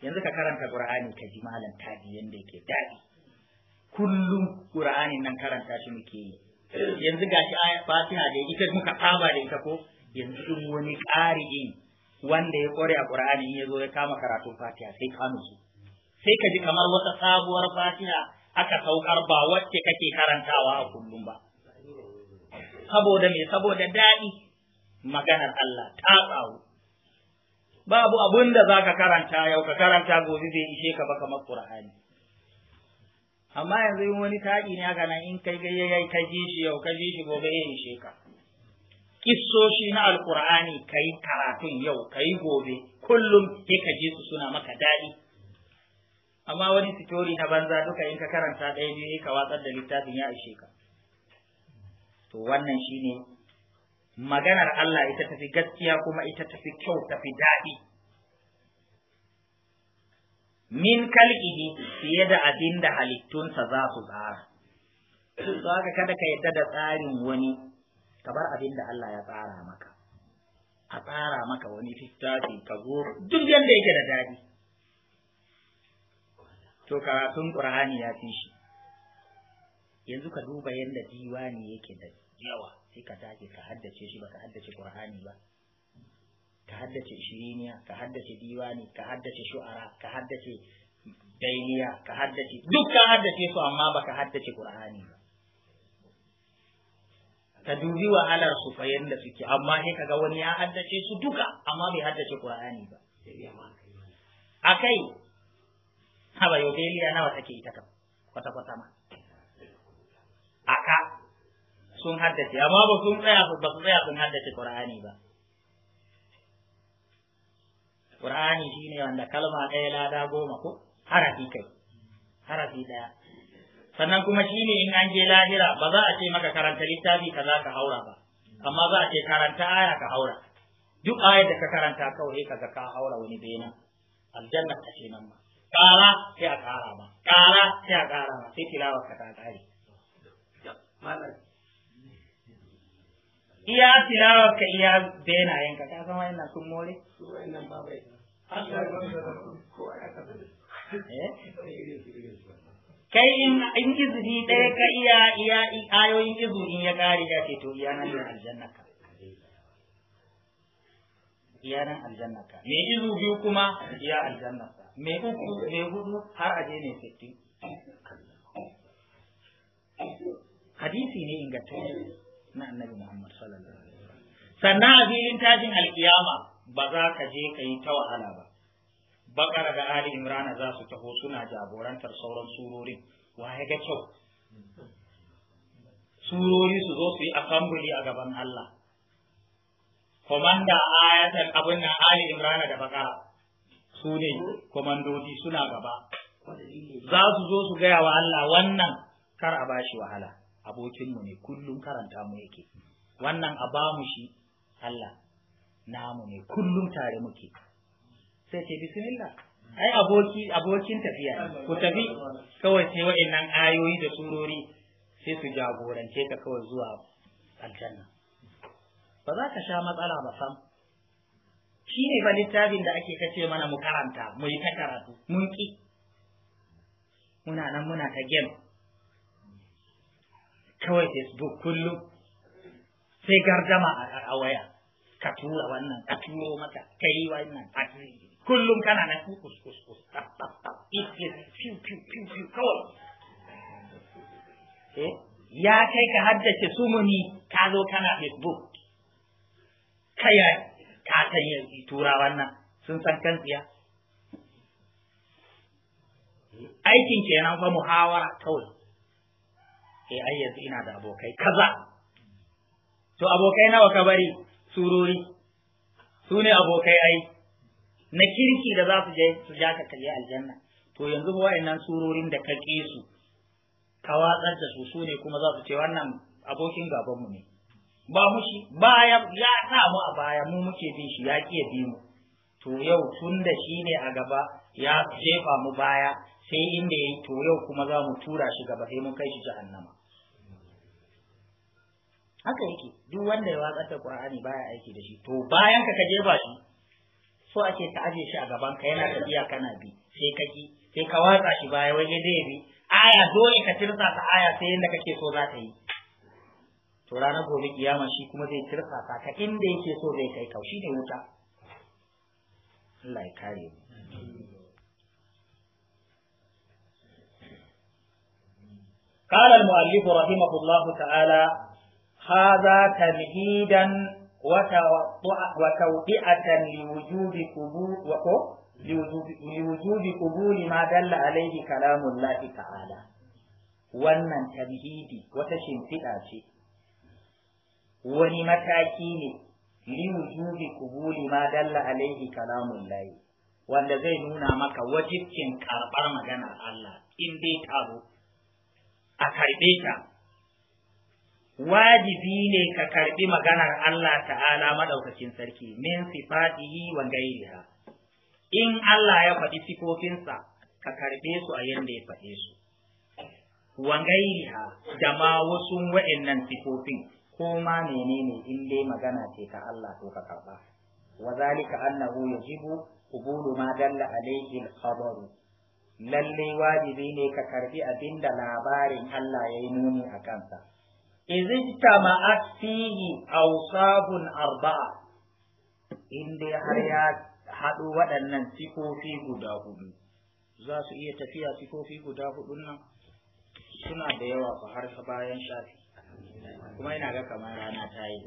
yanzu ka karanta qur'ani ka ji malam tadi yanda yake dadi kullum qur'anin nan karanta shi muke yi yanzu gashi aya fatiha da ita muka saba da ita ko yanzu wani ƙari'in wanda ya kore a qur'ani ya zo ya kama karatu fatiha sai ka nutsu sai ka ji kamar wata sabuwar fatiha aka saukar ba wacce kake karantawa a kullum ba saboda me saboda daɗi maganar Allah ta tsawo babu abun da za karanta yau ka karanta gobe zai ishe ka ba kamar amma yanzu yin wani taɗi ne haka nan in kai gayyayi ka ji shi yau ka ji shi gobe ya ishe ka kissoshi na alkur'ani ka yi karatun yau ka yi gobe kullum sai ka ji su suna maka daɗi amma wani sitori na banza duka in ka karanta ɗaya biyu ka watsar da littafin ya ishe ka to wannan shine maganar Allah ita tafi gaskiya kuma ita tafi kyau tafi daɗi min kalihi fiye da abin da halittunsa za su tsara to haka kada ka yadda da tsarin wani ka bar abin da Allah ya tsara maka a tsara maka wani littafi ka zo duk yadda yake da daɗi to karatun ƙur'ani ya fi shi yanzu ka duba yadda diwani yake da yawa sai ka dage ka haddace shi baka haddace qur'ani ba ka haddace shiriniya ka haddace diwani ka haddace shu'ara ka haddace dainiya ka haddace duk ka haddace su amma baka haddace qur'ani ba ka dubi wahalar su fa yanda suke amma sai kaga wani ya haddace su duka amma bai haddace qur'ani ba akai haba yau dai nawa take ita kam kwata kwata ma aka sun haddace amma ba sun tsaya ba su tsaya sun haddace qur'ani ba qur'ani shine wanda kalma ɗaya lada goma ko harafi kai harafi ɗaya sannan kuma shine in an je lahira ba za a ce maka karanta littafi ka za ka haura ba amma za a ce karanta aya ka haura duk ayar da ka karanta kawai ga ka haura wani bena aljanna ta ce nan ma kara sai a kara ma kara sai a kara ma sai tilawa ka ta kare iya tilawar ka iya benayen ka san na sun more kai in in izini ɗaya ka iya iya ayoyin izini ya kare ya ce to iya nan ne aljanna ka iya nan aljanna ka me izu biyu kuma iya aljanna ka me uku me hudu har aje ne sittin hadisi ne ingantacce na annabi Muhammad sallallahu alaihi wasallam sannan a filin tashin alkiyama ba za ka je ka yi ta wahala ba bakara da ali imran za su taho suna jagorantar sauran surorin wa ya ga kyau surori su zo su yi assembly a gaban Allah komanda ayatan abin nan ali imran da bakara su ne komandoji suna gaba za su zo su gaya wa Allah wannan kar a bashi wahala abokinmu ne kullum karanta mu yake wannan a ba shi Allah namu ne kullum tare muke sai ce bismillah ai aboki abokin tafiya ku tafi kawai sai wa'annan ayoyi da surori sai su jagorance ka kawai zuwa aljanna ba za ka sha matsala ba sam shi ne ba littafin da ake kace mana mu karanta mu yi ta karatu mun ki muna nan muna ta game kawai facebook kullum sai gardama a waya ka tura wannan ka turo mata ka yi wannan a kullum kana na kus kus kus fiu fiu fiu fiu kawai eh? ya kai ka haddace sumuni ka zo kana facebook kaya ka san yanzu tura wannan sun san kan tsiya aikin kenan fa muhawara kawai eh ai yanzu ina da abokai kaza to abokai nawa ka bari surori su ne abokai ai na kirki da za su je su ja ka kalli aljanna to yanzu ba wa'annan surorin da ka ƙi su ka watsar da su su ne kuma za su ce wannan abokin gabanmu ne ba mu shi baya ya sa mu a baya mu muke bin shi ya ƙi ya bi mu to yau tun da shi ne a gaba ya jefa mu baya sai inda ya to yau kuma za mu tura shi gaba sai mun kai shi jahannama haka yake duk wanda ya watsar da qur'ani baya aiki da shi to bayan ka kaje ba shi so ake ta aje shi a gaban ka yana tafiya kana bi sai ka ki sai ka watsa shi baya wai zai bi aya dole ka tirsa ta aya sai yanda kake so za ta yi to ranar gobe kiyama shi kuma zai tirsa ta ka inda yake so zai kai kaushi ne wuta Allah ya kare mu قال المؤلف رحمه الله تعالى هذا تمهيدا وتوضئة لوجوب قبول لوجوب قبول ما دل عليه كلام الله تعالى wannan tamhidi wata shimfiɗa ce wani mataki ne liwujubi kubuli ma dalla alaihi kalamun layi wanda zai nuna maka wajibcin karɓar maganar Allah in dai taro a karɓe ta wajibi ne ka karbi maganar Allah ta'ala madaukakin sarki min sifatihi wa gairiha in Allah ya faɗi sifofinsa ka karbe su a yanda ya faɗe su wa gairiha da ma wasu wa'annan sifofin ko ma menene in dai magana ce ta Allah to ka karba wa zalika annahu yajibu qubulu ma dalla alayhi al-khabaru lalle wajibi ne ka karbi abinda labarin Allah yayi nuni a kansa izijtama'at fihi awsafun arba'a in har ya haɗu waɗannan sifofi guda hudu za su iya tafiya sifofi guda hudun nan suna da yawa ba har bayan shafi kuma ina ga kamar rana ta yi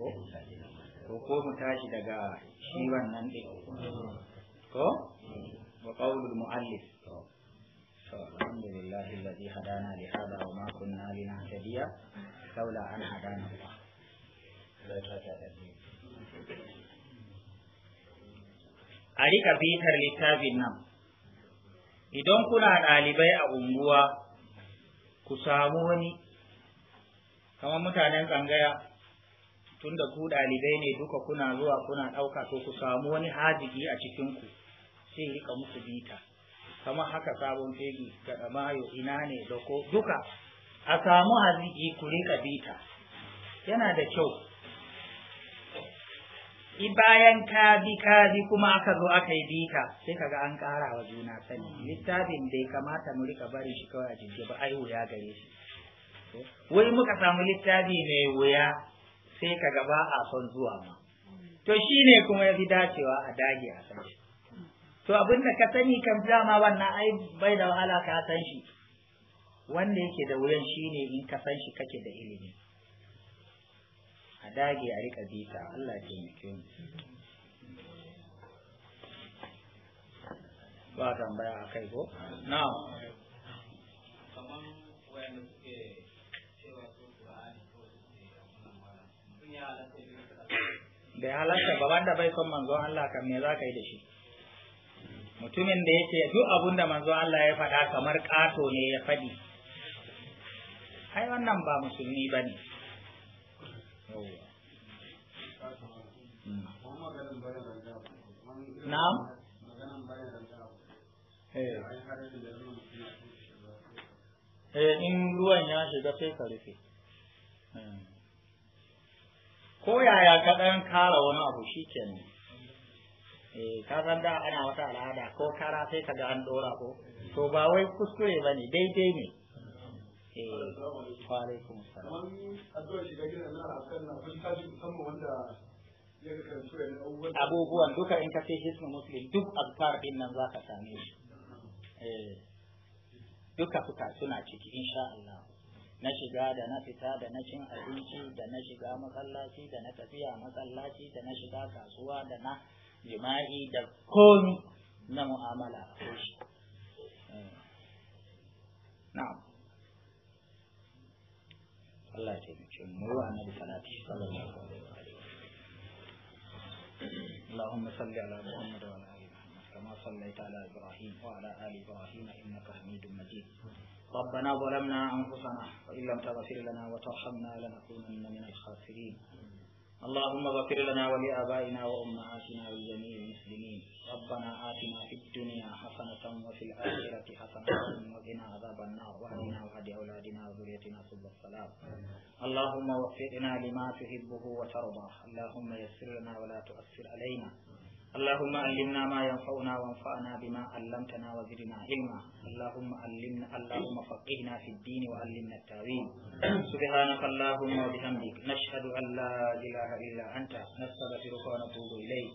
ko ko mu tashi daga shi wannan ɗin ko wa qawlul mu'allif الحمد لله الذي هدانا لهذا وما كنا لنهتدي laula an a rika bitar littafin nan idan kuna ɗalibai a unguwa ku mutanen tsangaya tunda ku ɗalibai ne duka kuna zuwa kuna ɗauka to ku samu wani hajiji a cikinku sai rika musu bita kamar haka sabon fegi ga mayo ina ne da ko duka a samu haziki ku rika bita yana da kyau i bayan ka bi ka bi kuma aka zo aka yi bita sai kaga an ƙara wa juna sani littafin da ya kamata mu rika bari shi kawai a jirgi ba ai wuya gare shi wai muka samu littafi mai wuya sai kaga ba a son zuwa ma to shi ne kuma ya fi dacewa a dage a san shi to abinda ka sani kan dama wannan ai bai da wahala ka san shi wanda yake da wuyan shine in ka san shi kake da ilimi a dage a rika bita Allah ke muke ba tambaya a kai ko na bai halatta ba wanda bai son manzon Allah kan me za ka yi da shi mutumin da ya ce duk abin da manzon Allah ya faɗa kamar ƙato ne ya faɗi ai wannan ba musulmi ba ne na'am eh, eh, in ruwan ya shiga sai ka rufe ko yaya ka ɗan kara wani abu shi kenan eh ka san da ana wata al'ada ko kara sai ka ga an ɗora ko to ba wai kuskure ba ne daidai ne eh alaikum abubuwan duka in ka ce hisnu muslim duk azkar din nan zaka same shi eh, duka suka suna ciki insha Allah na shiga da na fita da na cin abinci da na shiga masallaci da na tafiya masallaci da na shiga kasuwa da na jima'i da komi na mu'amala eh, na'am Allah ya annabi sallallahu alaihi اللهم صل على محمد وعلى ال محمد كما صليت على ابراهيم وعلى ال ابراهيم انك حميد مجيد ربنا ظلمنا انفسنا وان لم تغفر لنا وترحمنا لنكونن من الخاسرين اللهم اغفر لنا ولآبائنا وأمهاتنا ولجميع المسلمين ربنا آتنا في الدنيا حسنة وفي الآخرة حسنة وقنا عذاب النار واهدنا وهد أولادنا وذريتنا سبل السلام اللهم وفقنا لما تحبه وترضى اللهم يسر لنا ولا تؤثر علينا اللهم علمنا ما ينفعنا وانفعنا بما علمتنا وزدنا علما اللهم علمنا اللهم فقهنا في الدين وعلمنا التاويل سبحانك اللهم وبحمدك نشهد ان لا اله الا انت نستغفرك ونتوب اليك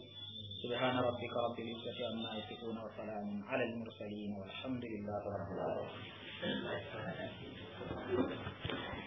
سبحان ربك رب العزه عما يصفون وسلام على المرسلين والحمد لله رب العالمين